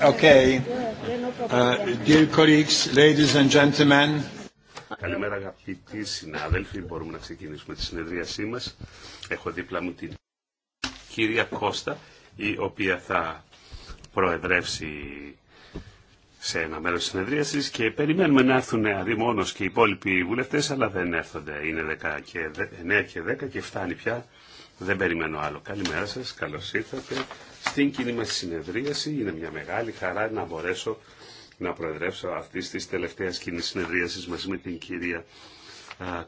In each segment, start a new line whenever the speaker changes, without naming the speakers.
Okay. Uh, dear colleagues,
ladies and gentlemen. Καλημέρα αγαπητοί συνάδελφοι, μπορούμε να ξεκινήσουμε τη συνεδρίασή μας. Έχω δίπλα μου την κυρία Κώστα, η οποία θα προεδρεύσει σε ένα μέρο τη συνεδρίασης και περιμένουμε να έρθουν μόνος και οι υπόλοιποι βουλευτέ, αλλά δεν έρθονται. Είναι 9 και 10 και φτάνει πια. Δεν περιμένω άλλο. Καλημέρα σα, καλώ ήρθατε στην κοινή μα συνεδρίαση. Είναι μια μεγάλη χαρά να μπορέσω να προεδρεύσω αυτή τη τελευταία κοινή συνεδρίαση μαζί με την κυρία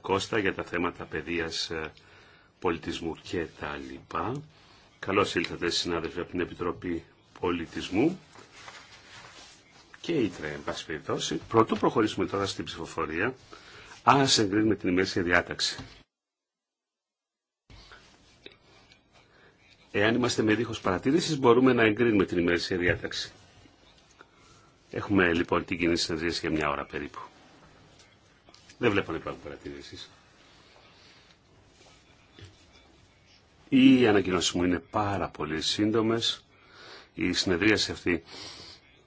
Κώστα για τα θέματα παιδείας, πολιτισμού και τα λοιπά. Καλώς ήλθατε συνάδελφοι από την Επιτροπή Πολιτισμού και ήτρε, εν πάση περιπτώσει. Πρωτού προχωρήσουμε τώρα στην ψηφοφορία, ας εγκρίνουμε την ημέρα διάταξη. Εάν είμαστε με δίχως παρατήρησης μπορούμε να εγκρίνουμε την ημερήσια διάταξη. Έχουμε λοιπόν την κοινή συνεδρίαση για μια ώρα περίπου. Δεν βλέπω να υπάρχουν παρατηρήσεις. Οι ανακοινώσει μου είναι πάρα πολύ σύντομες. Η συνεδρίαση αυτή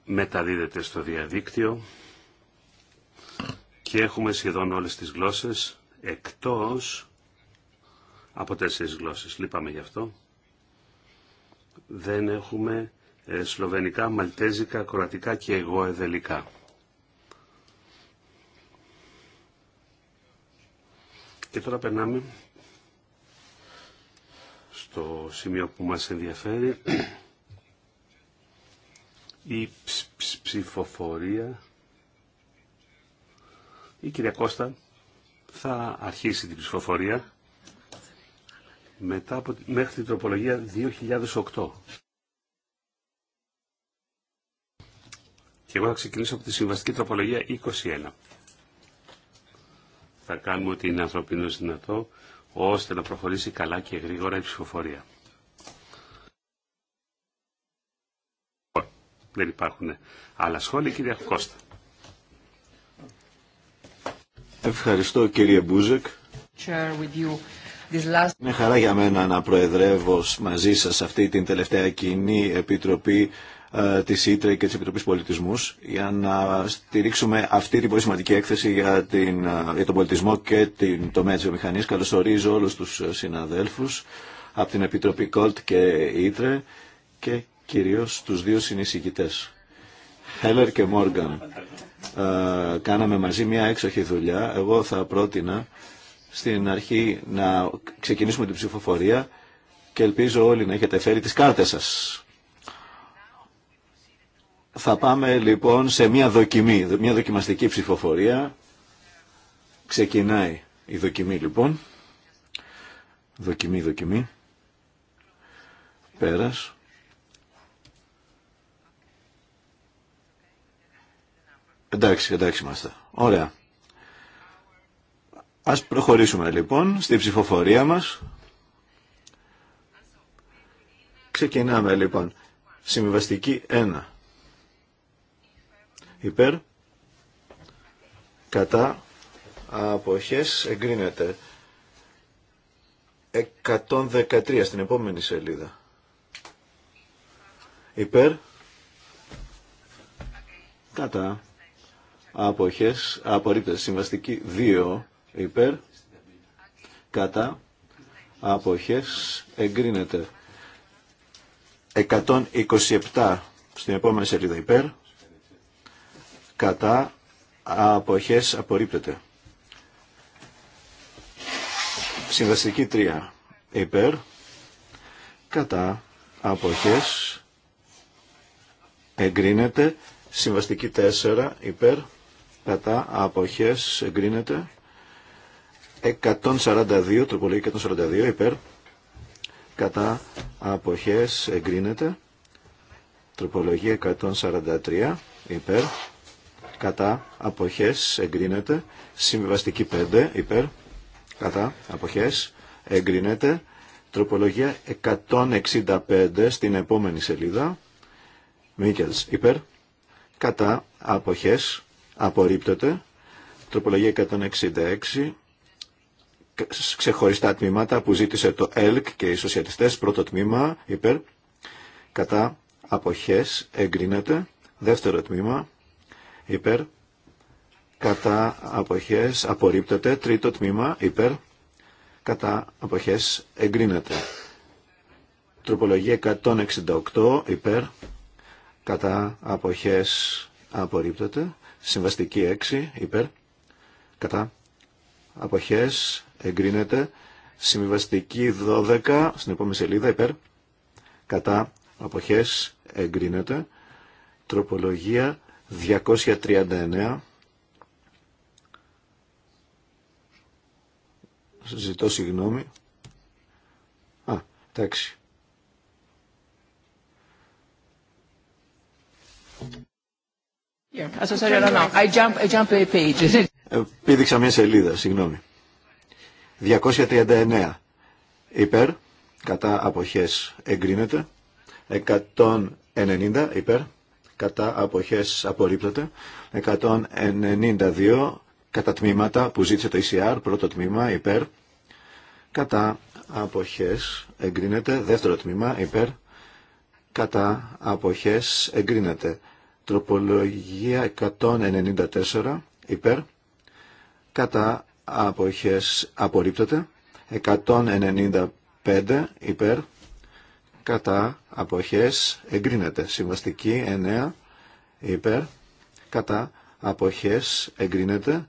μεταδίδεται στο διαδίκτυο και έχουμε σχεδόν όλες τις γλώσσες εκτός από τέσσερις γλώσσες. Λείπαμε γι' αυτό δεν έχουμε ε, σλοβενικά, μαλτέζικα, κροατικά και Εγώ Εδελικά. Και τώρα περνάμε στο σημείο που μας ενδιαφέρει η ψηφοφορία. Η κυρία Κώστα θα αρχίσει την ψηφοφορία μετά από, μέχρι την τροπολογία 2008. Και εγώ θα ξεκινήσω από τη συμβαστική τροπολογία 21. Θα κάνουμε ότι είναι ανθρωπίνως δυνατό, ώστε να προχωρήσει καλά και γρήγορα η ψηφοφορία. Δεν υπάρχουν άλλα σχόλια, κυρία Κώστα.
Ευχαριστώ, κύριε Μπούζεκ. Είναι χαρά για μένα να προεδρεύω μαζί σας αυτή την τελευταία κοινή επιτροπή ε, της ΙΤΡΕ και της Επιτροπής Πολιτισμούς για να στηρίξουμε αυτή την πολύ σημαντική έκθεση για, την, ε, τον πολιτισμό και την τομέα τη βιομηχανία. Καλωσορίζω όλου τους ε, συναδέλφους από την Επιτροπή ΚΟΛΤ και ΙΤΡΕ και κυρίως τους δύο συνεισηγητέ, Χέλερ και Μόργαν. Ε, κάναμε μαζί μια έξοχη δουλειά. Εγώ θα πρότεινα στην αρχή να ξεκινήσουμε την ψηφοφορία και ελπίζω όλοι να έχετε φέρει τις κάρτες σας. Θα πάμε λοιπόν σε μια δοκιμή, μια δοκιμαστική ψηφοφορία. Ξεκινάει η δοκιμή λοιπόν. Δοκιμή, δοκιμή. Πέρας. Εντάξει, εντάξει είμαστε. Ωραία. Ας προχωρήσουμε λοιπόν στη ψηφοφορία μας. Ξεκινάμε λοιπόν. Συμβιβαστική 1. Υπέρ. Κατά. Αποχές εγκρίνεται. 113 στην επόμενη σελίδα. Υπέρ. Κατά. Αποχές. Απορρίπτεται. Συμβαστική 2 υπέρ κατά αποχές εγκρίνεται 127 στην επόμενη σελίδα υπέρ κατά αποχές απορρίπτεται συμβαστική 3 υπέρ κατά αποχές εγκρίνεται συμβαστική 4 υπέρ κατά αποχές εγκρίνεται 142, τροπολογία 142 υπέρ, κατά αποχές εγκρίνεται. Τροπολογία 143 υπέρ, κατά αποχές εγκρίνεται. Συμβιβαστική 5 υπέρ, κατά αποχές εγκρίνεται. Τροπολογία 165 στην επόμενη σελίδα. Μίκελς υπέρ, κατά αποχές απορρίπτεται. Τροπολογία 166 ξεχωριστά τμήματα που ζήτησε το ΕΛΚ και οι σοσιαλιστές. Πρώτο τμήμα υπέρ κατά αποχές εγκρίνεται. Δεύτερο τμήμα υπέρ κατά αποχές απορρίπτεται. Τρίτο τμήμα υπέρ κατά αποχές εγκρίνεται. Τροπολογία 168 υπέρ κατά αποχές απορρίπτεται. Συμβαστική 6 υπέρ κατά αποχές εγκρίνεται. Συμβιβαστική 12 στην επόμενη σελίδα υπέρ. Κατά αποχές εγκρίνεται. Τροπολογία 239. Ζητώ συγγνώμη. Α, εντάξει. Πήδηξα μια σελίδα, συγγνώμη. 239 υπέρ, κατά αποχές εγκρίνεται. 190 υπέρ, κατά αποχές απορρίπτεται. 192 κατά τμήματα που ζήτησε το ECR, πρώτο τμήμα υπέρ, κατά αποχές εγκρίνεται. Δεύτερο τμήμα υπέρ, κατά αποχές εγκρίνεται. Τροπολογία 194 υπέρ, κατά αποχές απορρίπτεται 195 υπέρ κατά αποχές εγκρίνεται συμβαστική 9 υπέρ κατά αποχές εγκρίνεται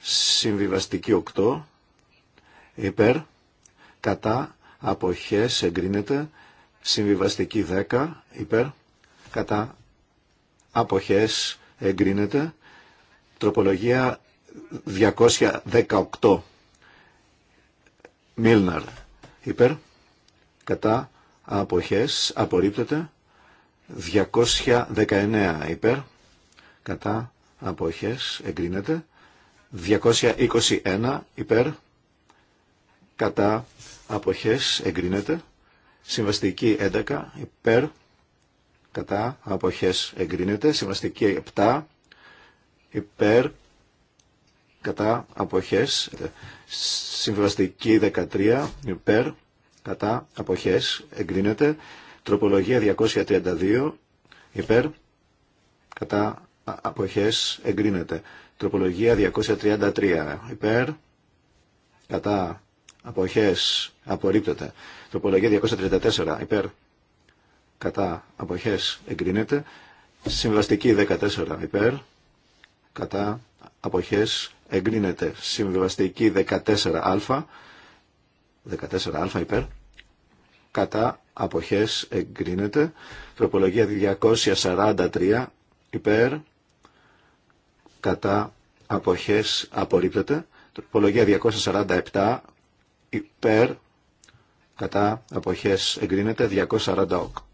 συμβιβαστική 8 υπέρ κατά αποχές εγκρίνεται συμβιβαστική 10 υπέρ κατά αποχές εγκρίνεται τροπολογία 218 Μίλναρ υπέρ κατά αποχές απορρίπτεται 219 υπέρ κατά αποχές εγκρίνεται 221 υπέρ κατά αποχές εγκρίνεται συμβαστική 11 υπέρ κατά αποχές εγκρίνεται συμβαστική 7 υπέρ κατά αποχές συμβαστική 13 υπέρ κατά αποχές εγκρίνεται τροπολογία 232 υπέρ κατά αποχές εγκρίνεται τροπολογία 233 υπέρ κατά αποχές απορρίπτεται τροπολογία 234 υπέρ κατά αποχές εγκρίνεται συμβαστική 14 υπέρ κατά αποχές εγκρίνεται συμβιβαστική 14α 14α υπέρ κατά αποχές εγκρίνεται τροπολογία 243 υπέρ κατά αποχές απορρίπτεται τροπολογία 247 υπέρ κατά αποχές εγκρίνεται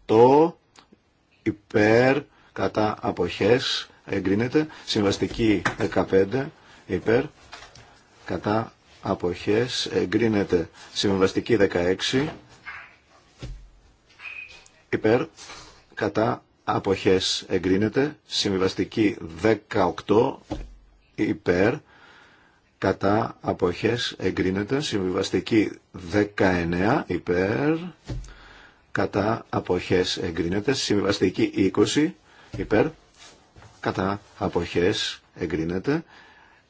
248 υπέρ κατά αποχές εγκρίνεται συμβαστική 15 υπέρ κατά αποχές εγκρίνεται συμβαστική 16 υπέρ κατά αποχές εγκρίνεται συμβιβαστική 18 υπέρ κατά αποχές εγκρίνεται συμβιβαστική 19 υπέρ κατά αποχές εγκρίνεται συμβιβαστική 20 υπέρ κατά αποχές εγκρίνεται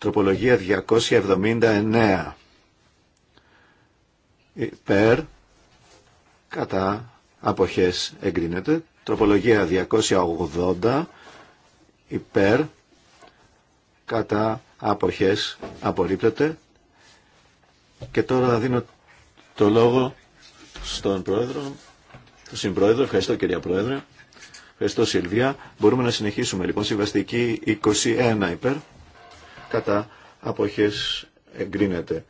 Τροπολογία 279. Υπέρ. Κατά. Αποχές εγκρίνεται. Τροπολογία 280. Υπέρ. Κατά. Αποχές απορρίπτεται. Και τώρα δίνω το λόγο στον πρόεδρο, στον συμπρόεδρο. Ευχαριστώ κυρία πρόεδρε. Ευχαριστώ Σιλβία. Μπορούμε να συνεχίσουμε λοιπόν. Συμβαστική 21 υπέρ κατά αποχές εγκρίνεται.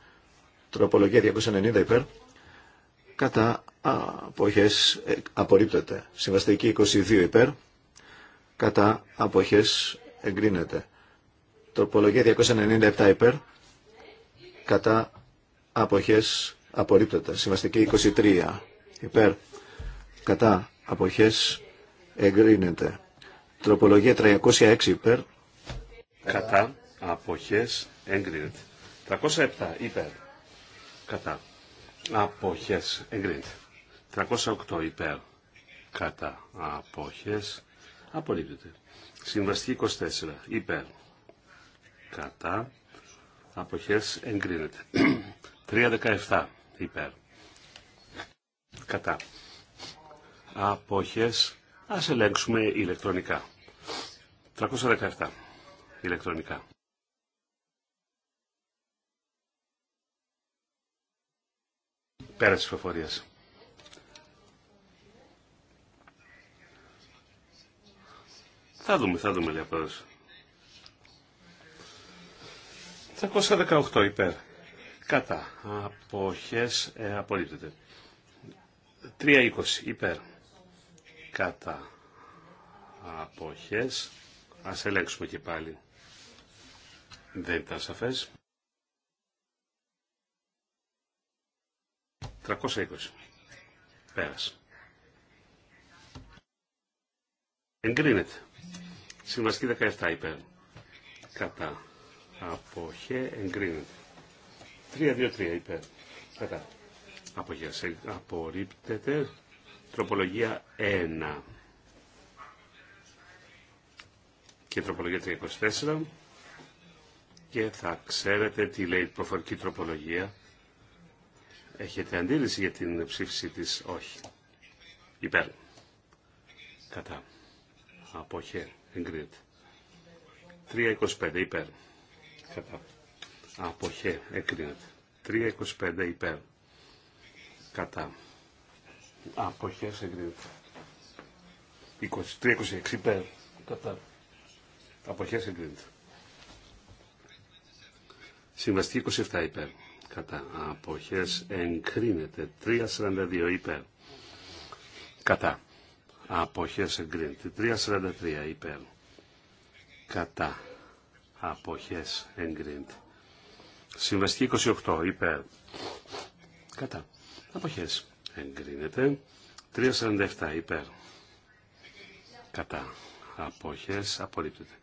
Τροπολογία 290 ε, υπέρ κατά αποχές απορρίπτεται. Συμβαστική 22 υπέρ κατά αποχές εγκρίνεται. Τροπολογία 297 υπέρ κατά αποχές απορρίπτεται. Συμβαστική 23 υπέρ κατά αποχές εγκρίνεται. Τροπολογία 306 υπέρ
κατά αποχές εγκρίνεται. 307 υπέρ κατά αποχές εγκρίνεται. 308 υπέρ κατά αποχές Απολύπτεται. Συμβαστική 24 υπέρ κατά αποχές εγκρίνεται. 317 υπέρ κατά αποχές ας ελέγξουμε ηλεκτρονικά. 317 ηλεκτρονικά. Πέρα της φοφορίας. Θα δούμε, θα δούμε, λέει ο 318 υπέρ. Κατά. Αποχές ε, 320 υπέρ. Κατά. Αποχές. Ας ελέγξουμε και πάλι. Δεν ήταν σαφές. 320. Πέρασε. Εγκρίνεται. Συμβαστική 17 υπέρ. Κατά. Αποχέ εγκρίνεται. 3-2-3 υπέρ. Κατά. Αποχέ. Απορρίπτεται. Τροπολογία 1. Και τροπολογία 324. Και θα ξέρετε τι λέει η προφορική τροπολογία Έχετε αντίληση για την ψήφιση της όχι. Υπέρ. Κατά. Αποχέ. Εγκρίνεται. 3.25 υπέρ. Κατά. Αποχέ. Εγκρίνεται. 3.25 υπέρ. Κατά. Αποχέ. Εγκρίνεται. 3.26 υπέρ. Κατά. Αποχέ. Εγκρίνεται. Συμβαστική 27 υπέρ κατά αποχές εγκρίνεται 3.42 υπέρ κατά αποχές εγκρίνεται 3.43 υπέρ κατά αποχές εγκρίνεται συμβαστική 28 υπέρ κατά αποχές εγκρίνεται 3.47 υπέρ κατά αποχές απορρίπτεται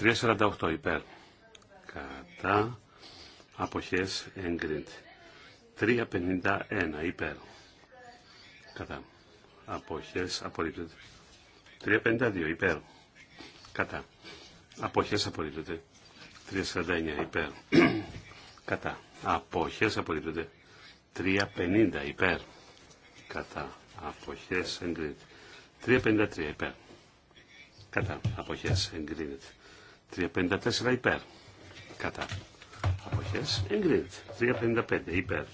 3.48 υπέρ κατά αποχές εγκρίνεται. 3.51 υπέρ κατά αποχές απορρίπτεται. 3.52 υπέρ κατά αποχές απορρίπτεται. 3.49 υπέρ κατά αποχές απορρίπτεται. 3.50 υπέρ κατά αποχές εγκρίνεται. 3.53 υπέρ κατά αποχές εγκρίνεται. 3.54 υπέρ κατά αποχές εγκρίνεται. 3.55 υπέρ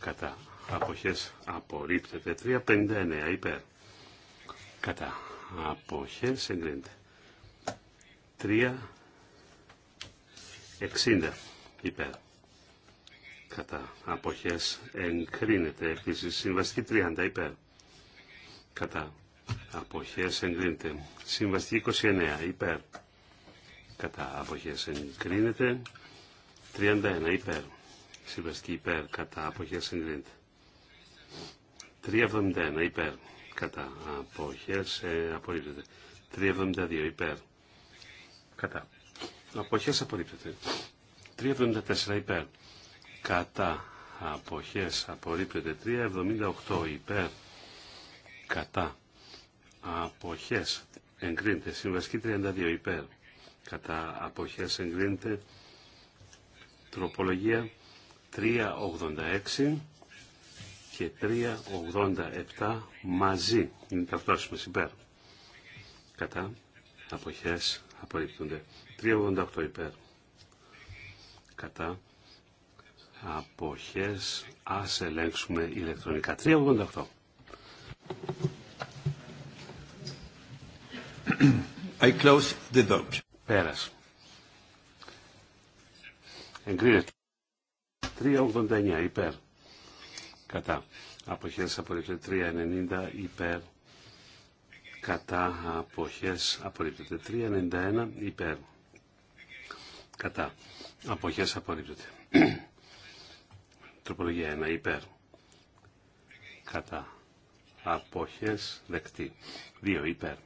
κατά αποχές απορρίπτεται. 3.59 υπέρ κατά αποχές εγκρίνεται. 3.60 υπέρ κατά αποχές εγκρίνεται. Επίσης συμβαστική 30 υπέρ κατά αποχές εγκρίνεται. Συμβαστική 29 υπέρ κατά αποχές εγκρίνεται. 31 υπέρ. Συμβαστική υπέρ κατά αποχές συγκρίνεται. 371 υπέρ κατά αποχές ε, απορρίπτεται. 372 υπέρ κατά αποχές απορρίπτεται. 374 υπέρ κατά αποχές απορρίπτεται. 378 υπέρ κατά αποχές εγκρίνεται. συμβασκή 32 υπέρ κατά αποχές εγκρίνεται. Τροπολογία 386 και 387 μαζί. Είναι μας υπέρ. Κατά αποχές απορρίπτονται. 388 υπέρ. Κατά αποχές ας ελέγξουμε ηλεκτρονικά. 388. I close the εγκρίνεται. 389 υπέρ κατά αποχές απορρίπτεται 390 υπέρ κατά αποχές απορρίπτεται 391 υπέρ κατά αποχές απορρίπτεται τροπολογία 1 υπέρ κατά αποχές δεκτή 2 υπέρ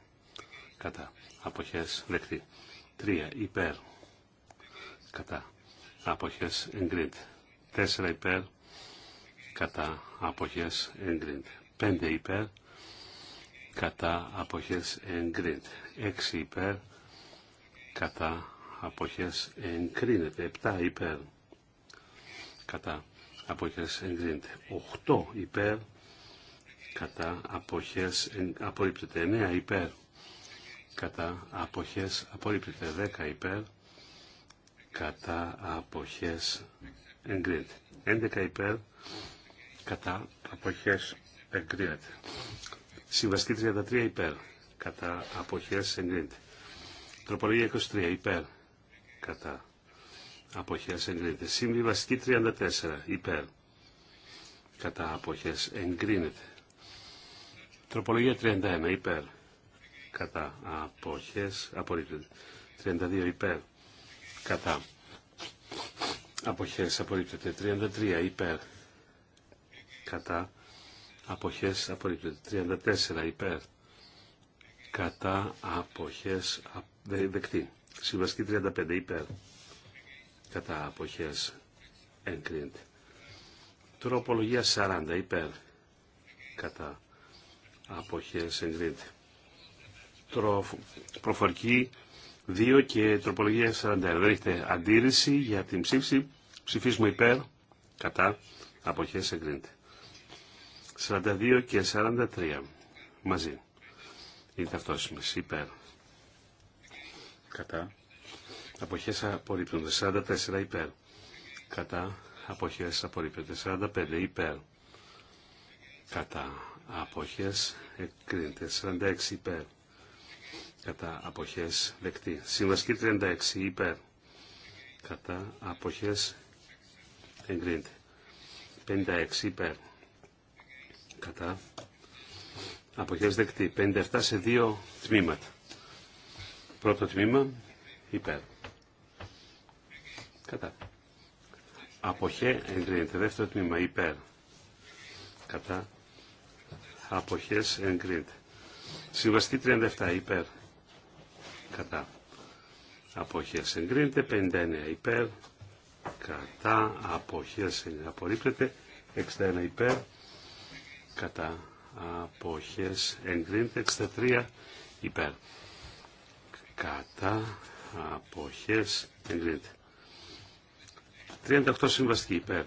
κατά αποχές δεκτή 3 υπέρ κατά αποχές εγκρίνεται. 4 υπέρ κατά αποχές εγκρίνεται. 5 υπέρ κατά αποχές εγκρίνεται. 6 υπέρ κατά αποχές εγκρίνεται. 7 υπέρ κατά αποχές εγκρίνεται. 8 υπέρ κατά αποχές απορρίπτεται. 9 υπέρ κατά αποχές απορρίπτεται. 10 υπέρ κατά αποχές εγκρίνεται. 11 υπέρ κατά αποχές εγκρίνεται. Συμβαστή 33 υπέρ κατά αποχές εγκρίνεται. Τροπολογία 23 υπέρ κατά αποχές εγκρίνεται. Συμβιβαστική 34 υπέρ κατά αποχές εγκρίνεται. Τροπολογία 31 υπέρ κατά αποχές απορρίπτεται. 32 υπέρ κατά αποχές απορρίπτεται 33 υπέρ κατά αποχές απορρίπτεται 34 υπέρ κατά αποχές δεκτή συμβαστική 35 υπέρ κατά αποχές εγκρίνεται τροπολογία 40 υπέρ κατά αποχές εγκρίνεται προφορική 2 και τροπολογία 41. Δεν έχετε αντίρρηση για την ψήφιση. Ψηφίσουμε υπέρ, κατά, αποχές εγκρίνεται. 42 και 43 μαζί. Είναι ταυτόσιμες. Υπέρ. Κατά. Αποχές απορρίπτονται. 44 υπέρ. Κατά. Αποχές απορρίπτονται. 45 υπέρ. Κατά. Αποχές εκκρίνεται. 46 υπέρ κατά αποχές δεκτή. Συμβαστική 36 υπέρ κατά αποχές εγκρίνεται. 56 υπέρ κατά αποχές δεκτή. 57 σε δύο τμήματα. Πρώτο τμήμα υπέρ κατά αποχέ εγκρίνεται. Δεύτερο τμήμα υπέρ κατά αποχές εγκρίνεται. Συμβαστή 37 υπέρ κατά αποχές εγκρίνεται, 59 υπέρ, κατά αποχές απορρίπτεται, 61 υπέρ, κατά αποχές εγκρίνεται, 63 υπέρ, κατά αποχές εγκρίνεται. 38 συμβαστική υπέρ,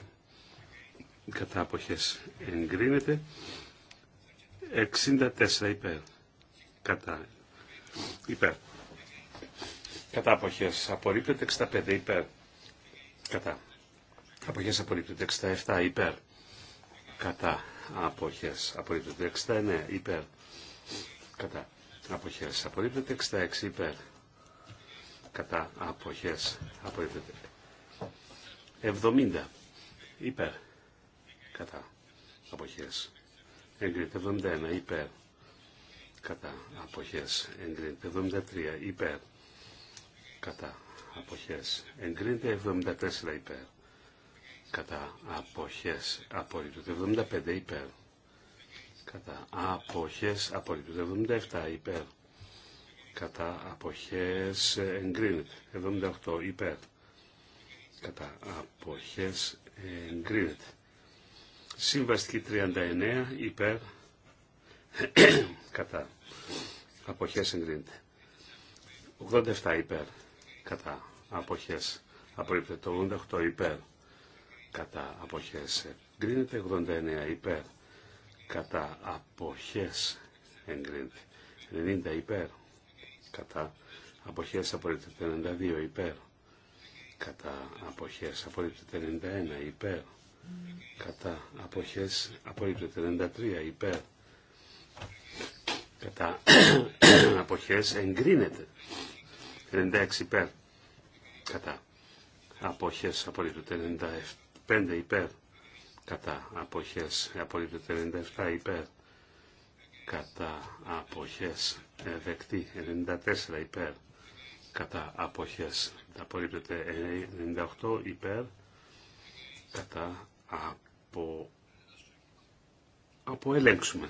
κατά αποχές εγκρίνεται, 64 υπέρ, κατά υπέρ κατά αποχές απορρίπτεται 65 υπέρ κατά αποχές απορρίπτεται 67 υπέρ κατά αποχές απορρίπτεται 69 υπέρ κατά αποχές απορρίπτεται 66 υπέρ κατά αποχές απορρίπτεται 70 υπέρ κατά αποχές εγκρίνεται 71 υπέρ κατά αποχές εγκρίνεται 73 υπέρ κατά αποχές εγκρίνεται 74 υπέρ κατά αποχές απόλυτου 75 υπέρ κατά αποχές απόλυτου 77 υπέρ κατά αποχές εγκρίνεται 78 υπέρ κατά αποχές εγκρίνεται Συμβαστική 39 υπέρ κατά αποχές εγκρίνεται 87 υπέρ κατά αποχές απορρίπτεται. 88 υπέρ κατά αποχές εγκρίνεται. 89 υπέρ κατά αποχές εγκρίνεται. 90 υπέρ κατά αποχές απορρίπτεται. 92 υπέρ κατά αποχές απορρίπτεται 91 υπέρ κατά αποχές απορρίπτεται 93 υπέρ κατά αποχές εγκρίνεται 96 υπέρ κατά αποχές απορρίπτεται 95 υπέρ κατά αποχές απορρίπτεται 97 υπέρ κατά αποχές ε, δεκτή 94 υπέρ κατά αποχές απορρίπτεται 98 υπέρ κατά απο αποελέγξουμε.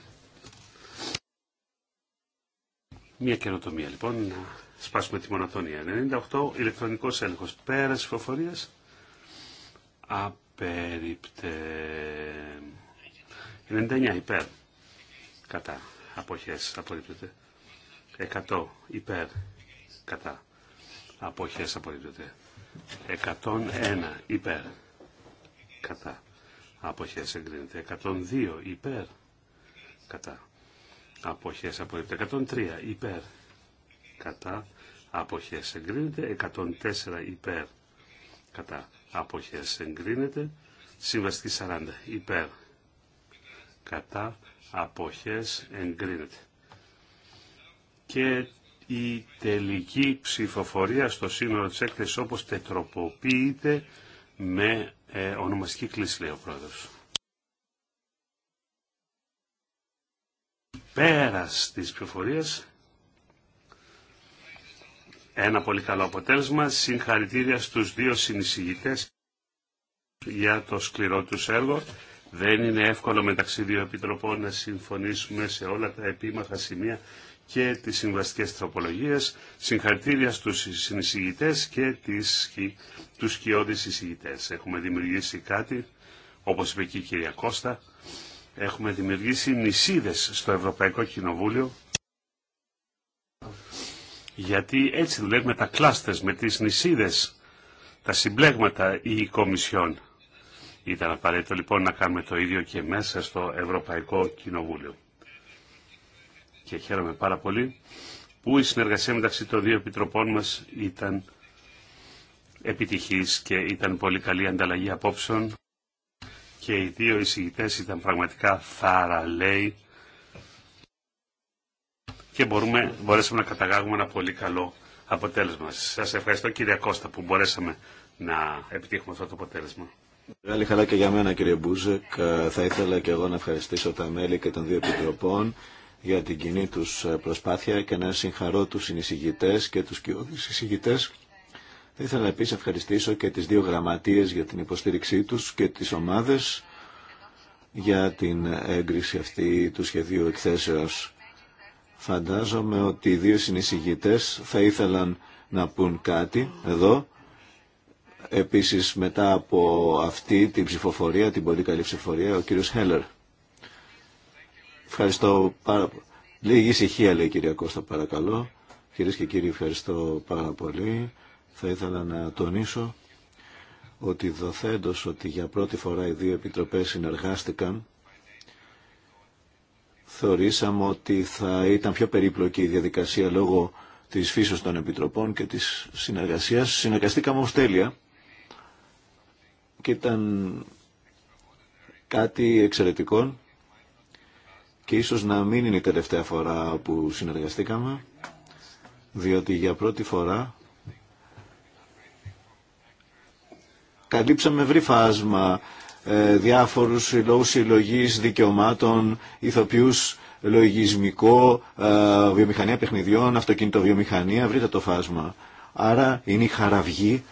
Μία καινοτομία λοιπόν σπάσουμε τη μονατονία. 98 ηλεκτρονικός έλεγχος. Πέρας φοφορία. Απέριπτε. 99 υπέρ. Κατά. Αποχές. Απορρίπτεται. 100 υπέρ. Κατά. Αποχές. Απορρίπτεται. 101 υπέρ. Κατά. Αποχές εγκρίνεται. 102 υπέρ. Κατά. Αποχές απορρίπτεται. 103 υπέρ κατά αποχές εγκρίνεται, 104 υπέρ κατά αποχές εγκρίνεται, συμβαστική 40 υπέρ κατά αποχές εγκρίνεται. Και η τελική ψηφοφορία στο σύνολο της έκθεσης όπως τετροποποιείται με ε, ονομαστική κλίση λέει ο πρόεδρος. Πέρας της ψηφοφορίας ένα πολύ καλό αποτέλεσμα. Συγχαρητήρια στους δύο συνεισηγητές για το σκληρό τους έργο. Δεν είναι εύκολο μεταξύ δύο επιτροπών να συμφωνήσουμε σε όλα τα επίμαχα σημεία και τις συμβαστικές τροπολογίες. Συγχαρητήρια στους συνεισηγητές και τις, τους σκιώδεις Έχουμε δημιουργήσει κάτι, όπως είπε και η κυρία Κώστα, έχουμε δημιουργήσει νησίδες στο Ευρωπαϊκό Κοινοβούλιο γιατί έτσι δουλεύει με τα κλάστες, με τις νησίδες, τα συμπλέγματα ή οι κομισιόν. Ήταν απαραίτητο λοιπόν να κάνουμε το ίδιο και μέσα στο Ευρωπαϊκό Κοινοβούλιο. Και χαίρομαι πάρα πολύ που η συνεργασία μεταξύ των δύο επιτροπών μας ήταν επιτυχής και ήταν πολύ καλή ανταλλαγή απόψεων και οι δύο εισηγητές ήταν πραγματικά θαραλέοι και μπορούμε, μπορέσαμε να καταγάγουμε ένα πολύ καλό αποτέλεσμα. Σας ευχαριστώ κύριε Κώστα που μπορέσαμε να επιτύχουμε αυτό το αποτέλεσμα. Μεγάλη
χαρά και για μένα κύριε Μπούζεκ. Θα ήθελα και εγώ να ευχαριστήσω τα μέλη και των δύο επιτροπών για την κοινή τους προσπάθεια και να συγχαρώ τους συνεισηγητές και τους κοιόδους εισηγητές. Θα ήθελα επίσης να ευχαριστήσω και τις δύο γραμματείες για την υποστήριξή τους και τις ομάδες για την έγκριση αυτή του σχεδίου εκθέσεως. Φαντάζομαι ότι οι δύο συνεισηγητές θα ήθελαν να πούν κάτι εδώ. Επίσης μετά από αυτή την ψηφοφορία, την πολύ καλή ψηφοφορία, ο κύριος Χέλλερ. Ευχαριστώ πάρα πολύ. Λίγη ησυχία λέει κυρία Κώστα παρακαλώ. Κυρίε και κύριοι ευχαριστώ πάρα πολύ. Θα ήθελα να τονίσω ότι δοθέντως ότι για πρώτη φορά οι δύο επιτροπές συνεργάστηκαν θεωρήσαμε ότι θα ήταν πιο περίπλοκη η διαδικασία λόγω της φύσης των επιτροπών και της συνεργασίας. Συνεργαστήκαμε ως τέλεια και ήταν κάτι εξαιρετικό και ίσως να μην είναι η τελευταία φορά που συνεργαστήκαμε διότι για πρώτη φορά καλύψαμε βρυφάσμα ε, διάφορους λόγους συλλογή δικαιωμάτων, ηθοποιούς, λογισμικό, ε, βιομηχανία παιχνιδιών, βιομηχανία, βρείτε το φάσμα. Άρα είναι η χαραυγή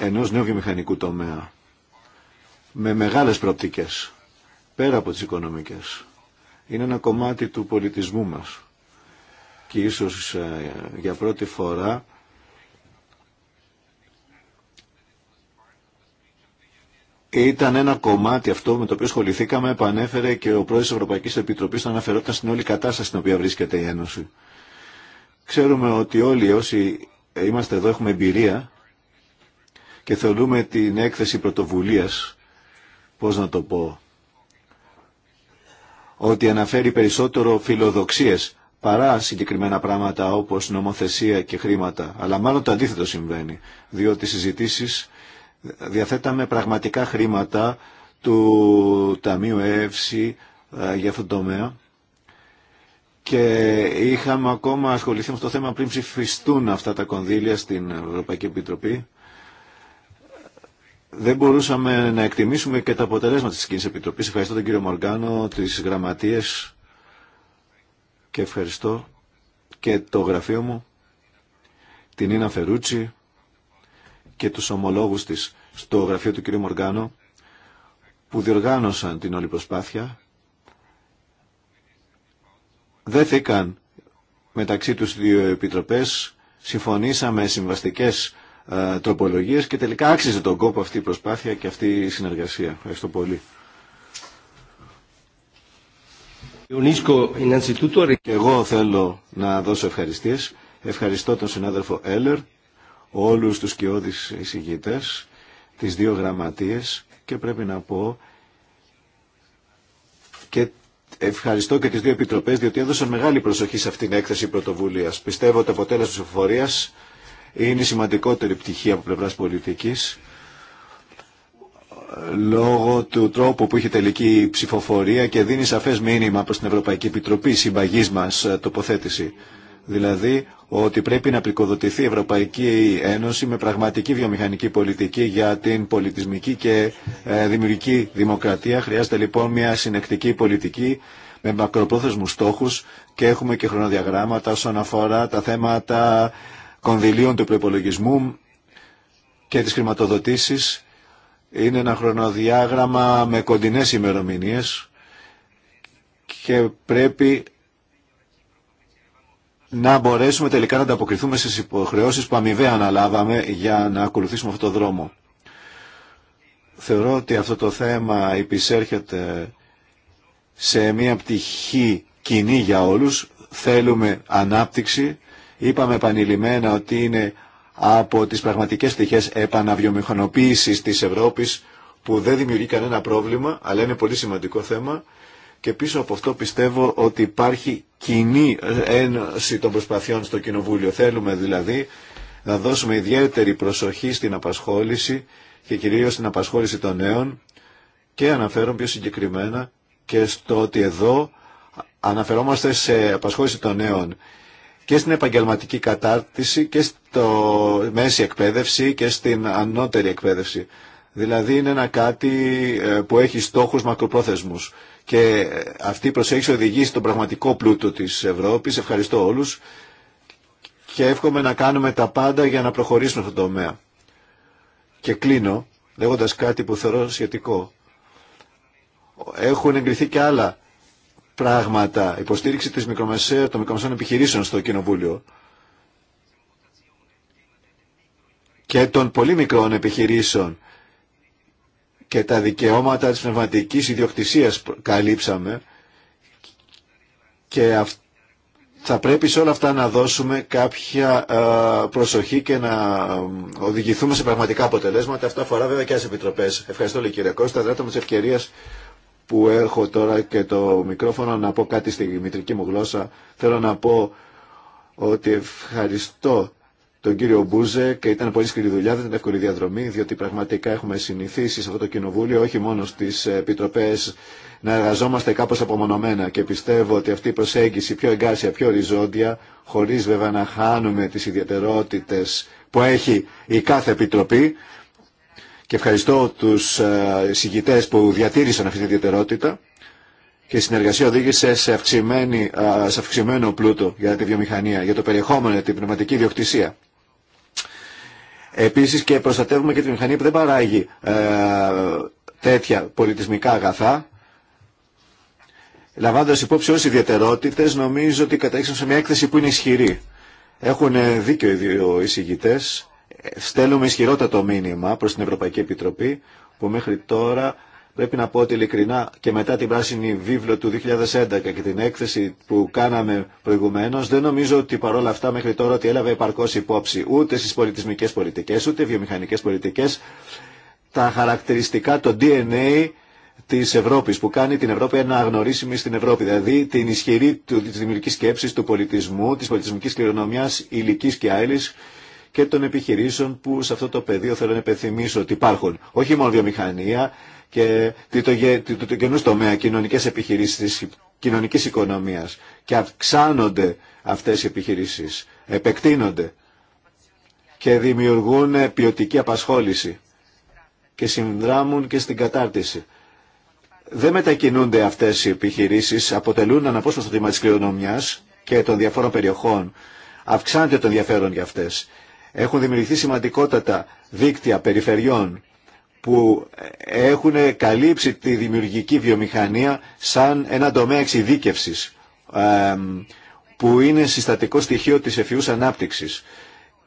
ενός νέου βιομηχανικού τομέα με μεγάλες προοπτικές πέρα από τις οικονομικές. Είναι ένα κομμάτι του πολιτισμού μας και ίσως ε, για πρώτη φορά ήταν ένα κομμάτι αυτό με το οποίο ασχοληθήκαμε επανέφερε και ο πρόεδρος της Ευρωπαϊκής Επιτροπής αναφερόταν στην όλη κατάσταση στην οποία βρίσκεται η Ένωση. Ξέρουμε ότι όλοι όσοι είμαστε εδώ έχουμε εμπειρία και θεωρούμε την έκθεση πρωτοβουλίας, πώς να το πω, ότι αναφέρει περισσότερο φιλοδοξίες παρά συγκεκριμένα πράγματα όπως νομοθεσία και χρήματα. Αλλά μάλλον το αντίθετο συμβαίνει, διότι οι διαθέταμε πραγματικά χρήματα του Ταμείου ΕΕΦΣΗ ε, για αυτόν τον τομέα και είχαμε ακόμα ασχοληθεί με αυτό το θέμα πριν ψηφιστούν αυτά τα κονδύλια στην Ευρωπαϊκή Επιτροπή. Δεν μπορούσαμε να εκτιμήσουμε και τα αποτελέσματα της Κοινής Επιτροπής. Ευχαριστώ τον κύριο Μοργάνο, τις γραμματείες και ευχαριστώ και το γραφείο μου, την Ίνα Φερούτσι και τους ομολόγους της στο γραφείο του κ. Μοργάνο που διοργάνωσαν την όλη προσπάθεια. Δέθηκαν μεταξύ τους δύο επιτροπές, συμφωνήσαμε συμβαστικές ε, τροπολογίες και τελικά άξιζε τον κόπο αυτή η προσπάθεια και αυτή η συνεργασία. Ευχαριστώ πολύ. Και εγώ θέλω να δώσω ευχαριστίες. Ευχαριστώ τον συνάδελφο Έλλερ όλους τους κοιόδης εισηγητές, τις δύο γραμματείες και πρέπει να πω και ευχαριστώ και τις δύο επιτροπές διότι έδωσαν μεγάλη προσοχή σε αυτήν την έκθεση πρωτοβουλίας. Πιστεύω ότι το αποτέλεσμα της ψηφοφορίας είναι η σημαντικότερη πτυχή από πλευράς πολιτικής λόγω του τρόπου που είχε τελική ψηφοφορία και δίνει σαφές μήνυμα προς την Ευρωπαϊκή Επιτροπή συμπαγής μας τοποθέτηση. Δηλαδή ότι πρέπει να πρικοδοτηθεί η Ευρωπαϊκή Ένωση με πραγματική βιομηχανική πολιτική για την πολιτισμική και ε, δημιουργική δημοκρατία. Χρειάζεται λοιπόν μια συνεκτική πολιτική με μακροπρόθεσμους στόχους και έχουμε και χρονοδιαγράμματα όσον αφορά τα θέματα κονδυλίων του προπολογισμού και της χρηματοδοτήσεις. Είναι ένα χρονοδιάγραμμα με κοντινές ημερομηνίες και πρέπει να μπορέσουμε τελικά να ανταποκριθούμε στις υποχρεώσεις που αμοιβαία αναλάβαμε για να ακολουθήσουμε αυτόν τον δρόμο. Θεωρώ ότι αυτό το θέμα υπησέρχεται σε μια πτυχή κοινή για όλους. Θέλουμε ανάπτυξη. Είπαμε επανειλημμένα ότι είναι από τις πραγματικές πτυχές επαναβιομηχανοποίησης της Ευρώπης που δεν δημιουργεί κανένα πρόβλημα, αλλά είναι πολύ σημαντικό θέμα και πίσω από αυτό πιστεύω ότι υπάρχει κοινή ένωση των προσπαθειών στο Κοινοβούλιο. Θέλουμε δηλαδή να δώσουμε ιδιαίτερη προσοχή στην απασχόληση και κυρίως στην απασχόληση των νέων και αναφέρω πιο συγκεκριμένα και στο ότι εδώ αναφερόμαστε σε απασχόληση των νέων και στην επαγγελματική κατάρτιση και στο μέση εκπαίδευση και στην ανώτερη εκπαίδευση. Δηλαδή είναι ένα κάτι ε, που έχει στόχους μακροπρόθεσμους και ε, αυτή η προσέγγιση οδηγεί στον πραγματικό πλούτο της Ευρώπης. Ευχαριστώ όλους και εύχομαι να κάνουμε τα πάντα για να προχωρήσουμε στον τομέα. Και κλείνω λέγοντας κάτι που θεωρώ σχετικό. Έχουν εγκριθεί και άλλα πράγματα, υποστήριξη της μικρομεσαίας, των μικρομεσαίων επιχειρήσεων στο Κοινοβούλιο και των πολύ μικρών επιχειρήσεων και τα δικαιώματα της πνευματικής ιδιοκτησίας καλύψαμε και θα πρέπει σε όλα αυτά να δώσουμε κάποια ε, προσοχή και να οδηγηθούμε σε πραγματικά αποτελέσματα. Αυτά αφορά βέβαια και άλλες επιτροπές. Ευχαριστώ λέει κύριε Κώστα. Δράτω με τις ευκαιρίες που έχω τώρα και το μικρόφωνο να πω κάτι στη μητρική μου γλώσσα. Θέλω να πω ότι ευχαριστώ τον κύριο Μπούζε και ήταν πολύ σκληρή δουλειά, δεν ήταν εύκολη διαδρομή, διότι πραγματικά έχουμε συνηθίσει σε αυτό το κοινοβούλιο, όχι μόνο στι επιτροπέ, να εργαζόμαστε κάπω απομονωμένα. Και πιστεύω ότι αυτή η προσέγγιση πιο εγκάρσια, πιο οριζόντια, χωρί βέβαια να χάνουμε τι ιδιαιτερότητε που έχει η κάθε επιτροπή. Και ευχαριστώ του ε, συγκητέ που διατήρησαν αυτή την ιδιαιτερότητα. Και η συνεργασία οδήγησε σε, ε, σε αυξημένο πλούτο για τη βιομηχανία, για το περιεχόμενο, την πνευματική διοκτησία. Επίσης και προστατεύουμε και τη μηχανή που δεν παράγει ε, τέτοια πολιτισμικά αγαθά. Λαμβάνοντας υπόψη όσες ιδιαιτερότητες, νομίζω ότι καταλήξαμε σε μια έκθεση που είναι ισχυρή. Έχουν ε, δίκιο οι δύο εισηγητές. Ε, στέλνουμε ισχυρότατο μήνυμα προς την Ευρωπαϊκή Επιτροπή που μέχρι τώρα Πρέπει να πω ότι ειλικρινά και μετά την πράσινη βίβλο του 2011 και την έκθεση που κάναμε προηγουμένω, δεν νομίζω ότι παρόλα αυτά μέχρι τώρα ότι έλαβε επαρκώ υπόψη ούτε στι πολιτισμικέ πολιτικέ ούτε βιομηχανικέ πολιτικέ τα χαρακτηριστικά, το DNA τη Ευρώπη που κάνει την Ευρώπη ένα αγνωρίσιμη στην Ευρώπη. Δηλαδή την ισχυρή τη δημιουργική σκέψη, του πολιτισμού, τη πολιτισμική κληρονομιά, ηλική και άλλη και των επιχειρήσεων που σε αυτό το πεδίο θέλω να υπενθυμίσω ότι υπάρχουν. Όχι μόνο βιομηχανία, και το καινού τομέα κοινωνικές επιχειρήσεις κοινωνικής οικονομίας και αυξάνονται αυτές οι επιχειρήσεις, επεκτείνονται και δημιουργούν ποιοτική απασχόληση και συνδράμουν και στην κατάρτιση. Δεν μετακινούνται αυτές οι επιχειρήσεις, αποτελούν αναπόσπαστο τμήμα της κληρονομιάς και των διαφόρων περιοχών. Αυξάνεται το ενδιαφέρον για αυτές. Έχουν δημιουργηθεί σημαντικότατα δίκτυα περιφερειών που έχουν καλύψει τη δημιουργική βιομηχανία σαν ένα τομέα εξειδίκευσης που είναι συστατικό στοιχείο της εφιούς ανάπτυξης.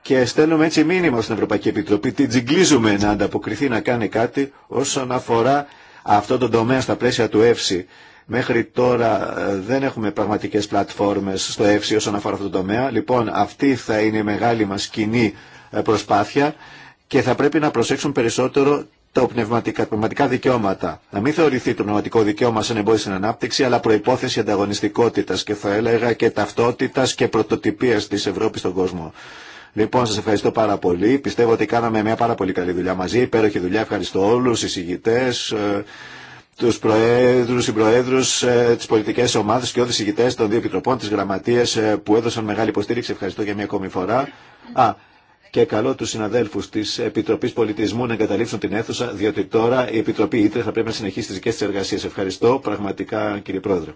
Και στέλνουμε έτσι μήνυμα στην Ευρωπαϊκή Επιτροπή, την τζιγκλίζουμε να ανταποκριθεί να κάνει κάτι όσον αφορά αυτό το τομέα στα πλαίσια του ΕΦΣΥ. Μέχρι τώρα ε, δεν έχουμε πραγματικές πλατφόρμες στο ΕΦΣΥ όσον αφορά αυτό το τομέα. Λοιπόν, αυτή θα είναι η μεγάλη μας κοινή ε, προσπάθεια και θα πρέπει να προσέξουν περισσότερο τα πνευματικά, πνευματικά δικαιώματα. Να μην θεωρηθεί το πνευματικό δικαίωμα σαν εμπόδιο στην ανάπτυξη, αλλά προπόθεση ανταγωνιστικότητα και θα έλεγα και ταυτότητα και πρωτοτυπία τη Ευρώπη στον κόσμο. Λοιπόν, σα ευχαριστώ πάρα πολύ. Πιστεύω ότι κάναμε μια πάρα πολύ καλή δουλειά μαζί. Υπέροχη δουλειά. Ευχαριστώ όλου, οι συγητέ, ε, του προέδρου, συμπροέδρου, ε, τι πολιτικέ ομάδε και όλου του των δύο επιτροπών, τι γραμματείε ε, που έδωσαν μεγάλη υποστήριξη. Ευχαριστώ για μια ακόμη φορά. Α, και καλώ τους συναδέλφους της Επιτροπής Πολιτισμού να εγκαταλείψουν την αίθουσα, διότι τώρα η Επιτροπή Ήτρε θα πρέπει να συνεχίσει τις δικέ της εργασίες. Ευχαριστώ πραγματικά κύριε Πρόεδρε.